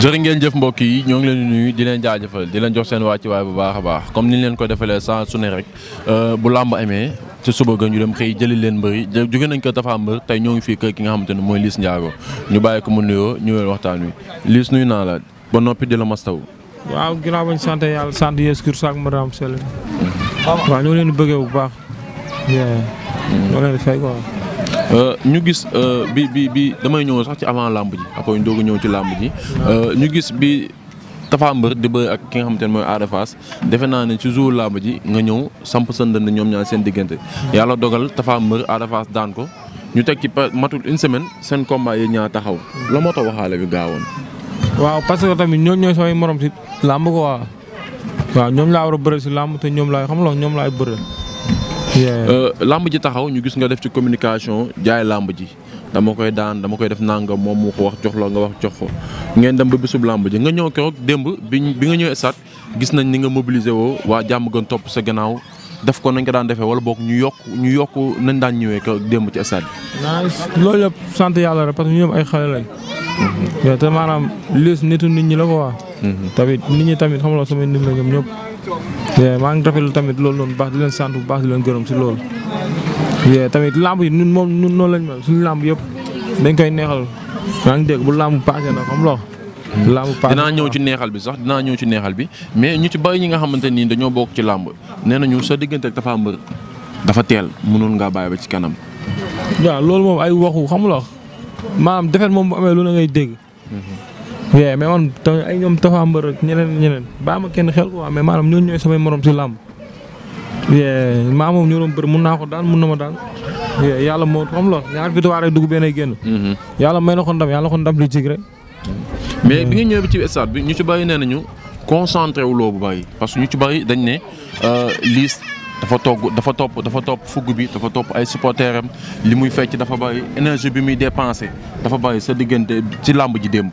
jërë ngeen jëf mbokk yi ñoo ngi leen di nuyu di leen jaajëfal di leen jox seen wàccuwaay bu baax a baax comme ni leen ko defalee saa su ne rek euh, bu làmb amee ci suba ga ñu dem xëy jëli leen mbër yi jóge nañ ko Tapha Mbeur tey ñoo ngi fii kër ki nga xamante ne mooy Liss Ndiago ñu bàyyi ko mu nuyoo ñu wéel waxtaan wi Liss nuyu naa la ba noppi di la mastaw waaw ginnaaw bañ sant yàlla sant Yeesu Kirist ak Mariam Sell mm-hmm. waaw ñoo leen di bëggee bu baax mm-hmm. ñoo leen di Euh, ñu gis euh, bi bi bi damay ñëw sax ci avant làmb ji après ñu doog a ñëw ci làmb ji euh, ñu gis bi Tapha Mbeur di bëri ak ki nga xamante ne mooy Ada Fass defe naa ne ci jour làmb ji nga ñëw samp sa ndënd ñoom ñaar seen diggante yàlla dogal Tapha Mbeur Ada Fass daan ko ñu teg ci matul une semaine seen combat yi ñaar taxaw la moo tax waxaale bi gaawoon waaw parce que tamit ñooñu ñooy samay morom si làmb ko waaw waaw ñoom laa war a bëre si làmb te ñoom laay xam la ñoom laay bëre Euh, làmb ji taxaw ñu gis nga def ci communication jaay làmb ji dama koy daan dama koy def nangam moom mu ko wax jox la nga wax jox ko ngeen dem ba làmb ji nga ñëw keroog démb bi bi nga ñëw stade gis nañ ni nga mobiliser woo waa jàmm gën topp sa gannaaw def ko nañ ko daan defee wala boog ñu yokk ñu yokk nañ daan ñëwee ko démb ci stade bi. loolu yëpp sant yàlla rek parce que ñoom ay xale lañ. Mhm. te maanaam liis nitu nit ñi la ko wax. Mhm. tamit nit ñi tamit xam nga te maa ngi rafetlu tamit loolu noonu baax di leen sant bu baax di leen gërëm si loolu. tamit làmb yi nun moom ñun noonu lañ mel suñu làmb yëpp dañ koy neexal maa ngi dégg bu làmb paase na xam loo. làmb paase dinaa ñëw ci neexal bi sax dinaa ñëw ci neexal bi mais ñu ci bàyyi ñi nga xamante nii dañoo bokk ci làmb nee nañu sa diggante ak Tapha Mbeur dafa teel mënoon ngaa baay ba ci kanam. waaw loolu moom ay waxu xam loo maanaam defet moom bu amee lu la ngay dégg. Mhm. mais man ay ñoom Tapha Mbeur ak ñeneen ñeneen baa ma kenn xel quoi mais maanaam ñooñu ñooy samay morom si làmb. maa moom ñoo doon bëri mun naa ko daan mun na ma daan yàlla moo xam lool ñaar victoire rek dugg benn génn. Mhm. yàlla may na ko ndam yàlla ko ndam li jig rek. mais bi nga ñëwee ci stade bi ñu ci bàyyi nee nañu concentré wu loo bu bàyyi parce que ñu ci bàyyi dañ ne euh, liis dafa togg dafa topp dafa topp fugg bi dafa topp ay supporters am li muy fecc dafa bàyyi énergie bi muy dépensé dafa bàyyi sa diggante ci làmb ji démb.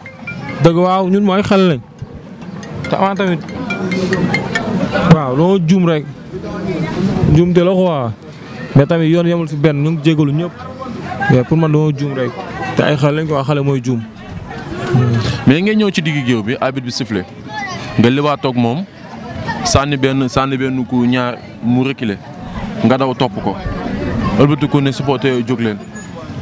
dëgg waaw ñun mooy xel lañ te avant tamit waaw rek juum te mais tamit yoon yemul fi benn ñu ngi jégalu ñëpp mais pour man dama juum rek te ay xel lañ ko xale mooy juum. mais ngeen ñëw ci diggu géew bi arbitre bi sifflé nga liwaatoog moom sànni benn sànni benn ku ñaar mu reculer nga daw topp ko ëlbatiku ne supporter yooyu jóg leen.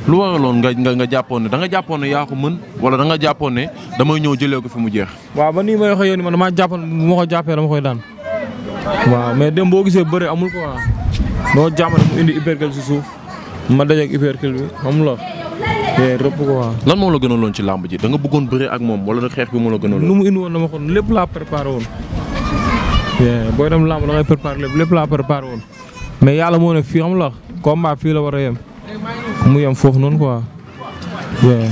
lu waraloon nga nga nga jàppoon ne da nga jàppoon ne yaa ko mën wala da jàppoon ne damay ñëw jëlee ko fi mu jeex. waaw ba nii may waxee yow ma man damaa jàppoon bu ma ko jàppee dama koy daan waaw mais dem boo gisee bëri amul ko waaw doo jàmm mu indi hypercule si suuf ma dajeeg hypercule bi xam la te rëpp ko waaw. lan moo la gënaloon ci làmb ji da nga bëggoon bëri ak moom wala xeex bi moo la gënaloon. nu mu indi woon dama ko lépp laa préparé woon. booy dem làmb da ngay préparé lépp lépp laa préparé woon mais yàlla moo ne fii xam la combat fii la war a yem mu yem foofu noonu quoi.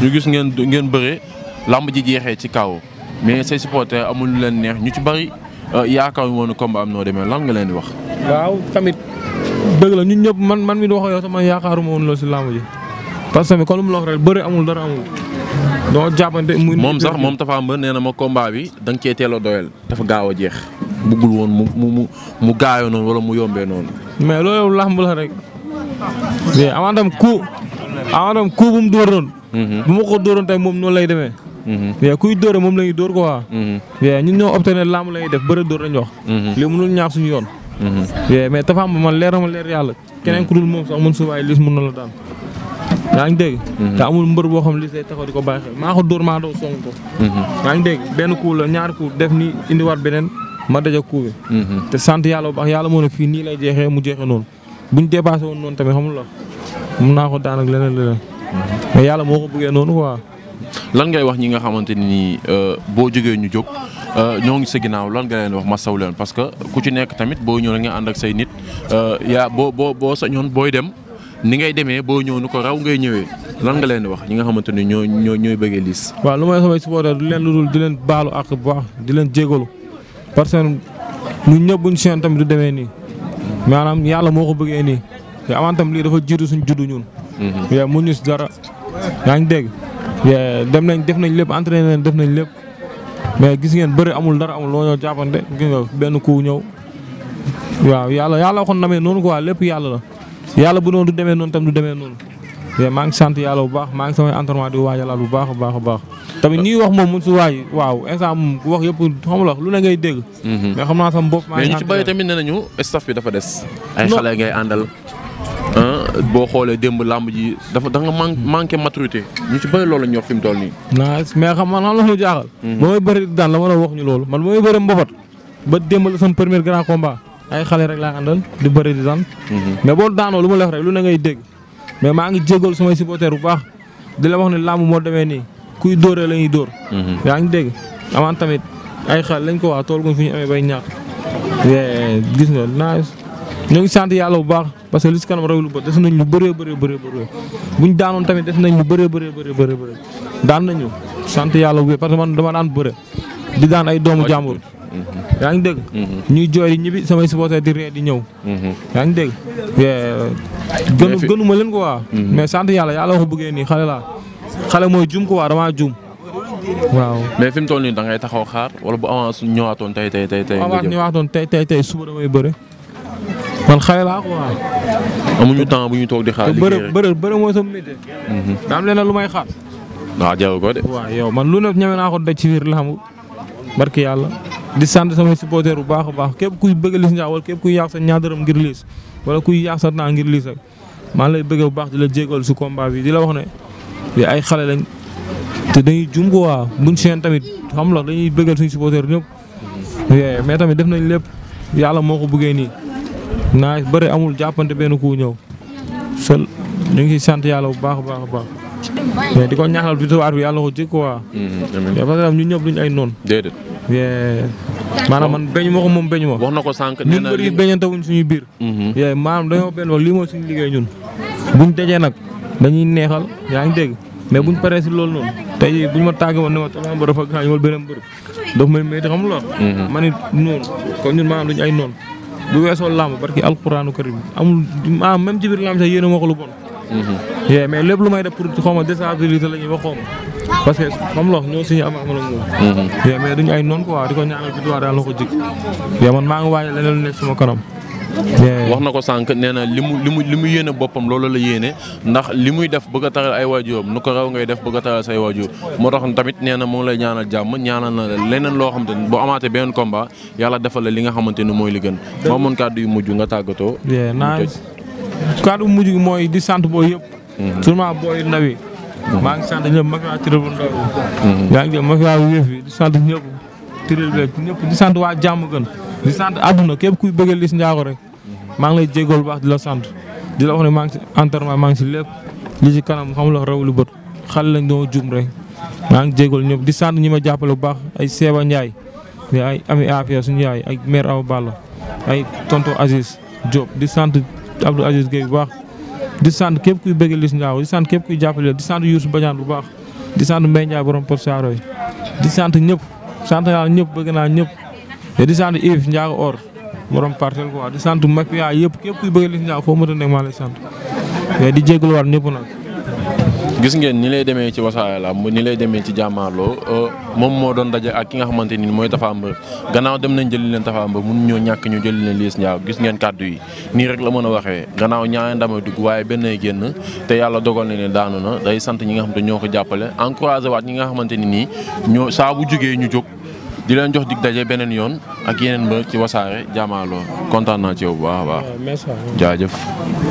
ñu gis ngeen ngeen bëre làmb ji jeexee ci kaw mais say supporters amul lu leen neex ñu ci bari euh, yaakaar woon combat am noo demee lan nga leen di wax. waaw tamit dëgg la ñun ñëpp man man mi di wax yow sama yaakaaruma si làmb ji parce que comme lu mu wax rek bëre amul dara amul. doo jàppante muy moom sax moom Tapha Mbeur nee na ma kombaa bi da nga cee doyal dafa gaaw a jeex. buggul woon mu mu mu mu gaayo noonu wala mu yombee noonu. mais loolu làmb la rek. mais avant ku Ah, Amadou ku bu mu dóor noonu. Mm-hmm. bu ma ko dóoroon tey moom noonu lay demee. Mm-hmm. mais kuy dóore moom la ñuy dóor waa mm-hmm. mais ñu ñoo opté ne laamu lay def bëri dóor lañ wax. li mënul ñaax suñu yoon. mais Tapha Mbeur man leer ma leer yàlla. keneen ku dul moom sax man subaay lis mën na la daan. yaa ngi dégg. te amul mbër boo xam li lay taxaw di ko bàyyi xel maa ko dóor maa daw song ko. yaa ngi dégg benn coup la ñaar kuur def ni indiwaat beneen ma daja coup te sant yàlla bu baax yàlla moo ne fii nii lay jeexee mu jeexee noonu. bu ñu dépassé woon noonu tamit xamul la mun naa ko daan ak leneen leneen mais yàlla moo ko bëggee noonu waa lan ngay wax ñi nga xamante ni euh, boo jógee ñu jóg euh, ñoo ngi sa ginnaaw lan nga leen wax ma saw leen parce que ku ci nekk tamit boo ñëw nga ànd ak say nit euh, yaa boo boo boo sañoon booy dem ni ngay demee boo ñëw nu ko raw ngay ñëwee lan nga leen di wax ñi nga xamante ni ñoo ñoo ñooy bëggee liis. waaw lu may samay supporter du leen lu dul di leen baalu ak bu baax leen jégalu parce que ñun ñëpp buñ seen tamit du demee nii. maanaam yàlla moo ko bëggee nii te amantam lii dafa jiitu suñ juddu ñun. Mhm. yee mu ñu si dara yaa ngi dégg. dem nañ def nañ lépp entraîné nañ def nañ lépp mais gis ngeen bari amul dara amul loo ñëw jàppante gis nga benn ku ñëw. waaw yàlla yàlla waxoon namee noonu quoi lépp yàlla la yàlla bu noonu du demee noonu tam du demee noonu. maa ngi sant yàlla bu baax maa ngi samay entraînement di waajalaat bu baax a baax a baax. tamit ñuy wax moom su waay waaw instant moom ku wax yëpp xam lu la ngay dégg. Mhm. mais xam naa sama bopp. maa ngi mais ñu nañu staff bi dafa des. ay xale ngay àndal. boo xoolee démb làmb ji dafa da nga mhm. manqué maturité ñu ci bëri loolu la ñu wax nii. mais xam man la ma jaaxal. Mhm. ba bëri daan la ma wax ñu loolu man ba may bëri mbopat ba démb la sama premier ay xale rek laa àndal di bëri di daan. mais boo daanoo lu ma la lu ne ngay dégg mais maa ngi jégalu samay supporters bu baax di la wax ne làmb moo demee nii kuy dóoree la ñuy dóor. Mhm. yaa ngi dégg avant tamit ay xel lañ ko waa tool guñ fu ñu amee bay ñàkk. gis nga naa ñoo ngi sant yàlla bu baax parce que li si kanam raw lu ba def nañ lu bëree bëree bëree bëree buñ daanoon tamit def nañ lu bëree bëree bëree bëree daan nañu sant yàlla bu baax parce que man dama daan bëre di daan ay doomu jàmbur. yaa ngi dégg. Mhm. ñuy jooy di ñibbi samay supporter di ree di ñëw. Mhm. yaa ngi dégg. gënu gënu ma leen ko waa mais sant yàlla yàlla waxu bëggee nii xale laa. xale mooy jum ko waa damaa jum. waaw mais fi mu toll nii da ngay taxaw xaar wala bu avance ñëwaatoon tey tey tey tey. nga tey tey tey suba damay bëre. man xale laa quoi. amuñu temps bu ñu toog di xaar liggéey rek bëre bëre mooy sama métier. Mhm. daa am leneen lu may xaar. daa ah, jaww ko de. waaw yow man lu ne ñeme naa ko daj ci biir làmb barki yàlla di sant sama supporter bu baax a baax képp kuy bëgg Liss Ndiago wala képp kuy yàq sa ñaar dërëm ngir Liss wala kuy yàq sa temps ngir Liss rek maa lay bëgg bu baax di la jégal su combat bi di la wax ne bi ay xale lañ te dañuy jum ko waa buñ seen tamit xam la dañuy bëggal suñu supporter ñëpp. mais tamit def nañ lépp yàlla moo ko bëggee nii naa bëri amul jàppante benn ku ñëw sol ñu ngi sant yàlla bu baax a baax a baax. mais di ko ñaaxal victoire bi yàlla ko jëkk quoi. Mm-hmm, parce que ñëpp duñ ay noon déedéet. maanaam man beñ ko moom beñ ma. wax na ko sànq nee na wuñ suñu biir. Mm-hmm. maanaam dañoo benn lii mooy suñu liggéey ñun buñ dajee nag. dañuy neexal yaa ngi dégg mais buñ paree si loolu noonu tey buñ ma tàgg woon ne ma Tapha Mbeur dafa gaañ wala beneen mbër daf may métti xam ma mhm. ne noonu ay noonu bu weesoo làmb barki alquraanu karim amul ah même ci biir làmb sax yéen mhm. mais lépp lu may def pour xaw ma déstabiliser la ñuy wax xaw ma parce que xam lox ñoo mhm. mais duñu ay noonu quoi di ko ñaanal bi duwaa daal na ko jik yee man maa ngi waajal leneen lu nekk sama kanam wax na ko sànq nee na li mu li mu li mu yéene boppam loolu la yéene ndax li muy def bëgg a taral ay waajuram nu ko raw ngay def bëgg a taral say waajur moo tax tamit nee na mu lay ñaanal jàmm ñaanal na leneen loo xamante ne boo amaatee beneen komba yàlla defal la li nga xamante ni mooy li gën moo mën kàddu yu mujj nga tàggatoo kàddu mujj gi mooy di sant boo yëpp mm-hmm. sûrement booy ndaw mm-hmm. maa ngi sant ñëpp ma fi waa Tirel ndaw mm-hmm. yaa ngi ma fi waa Wéef di sant sant waa jàmm gën di sant àdduna képp kuy bëggee Liss Ndiago rek maa ngi lay jégalu bu baax di la sant di la wax ne maa ngi si entraînement maa kanam xam la raw lu bët xale lañ doon jum rek maa ngi ñëpp di sant ñi ma jàppale bu baax ay Seba Ndiaye ay Ami Afia suñu yaay ay maire Awa Balla ay tonto Aziz Diop di sant Abdou Aziz Gueye bu baax di sant képp kuy bëggee Liss Ndiago di sant képp kuy jàppale di sant Youssou Badiane bu baax di sant Mbaye Ndiaye borom Port Saroy di sant ñëpp sant naa ñëpp bëgg naa ñëpp di sant Yves Ndiago or borom partel quoi di sant Mafia yëpp képp kuy bëgg Liss Ndiago foo mën a nekk maa lay sant di jégaluwaat ñëpp nag. gis ngeen ni lay demee ci Wassare Lamb ni lay demee ci jàmmaarloo euh, moom moo doon daje ak ki nga xamante ni mooy Tapha Mbeur gannaaw dem nañ jëli leen Tapha Mbeur mun ñoo ñàkk ñu jëli leen Liss Ndiago gis ngeen kàddu yi nii rek la mën a waxee gannaaw ñaari ndam a waaye benn génn te yàlla dogal na ne daanu na day sant ñi nga xam te ñoo ko jàppale encouragé waat ñi nga xamante ni nii ñoo saa bu jógee ñu jóg di leen jox dig daje beneen yoon ak yeneen mbër ci wasaare jaamaaloo kontaan naa ci yow bu baax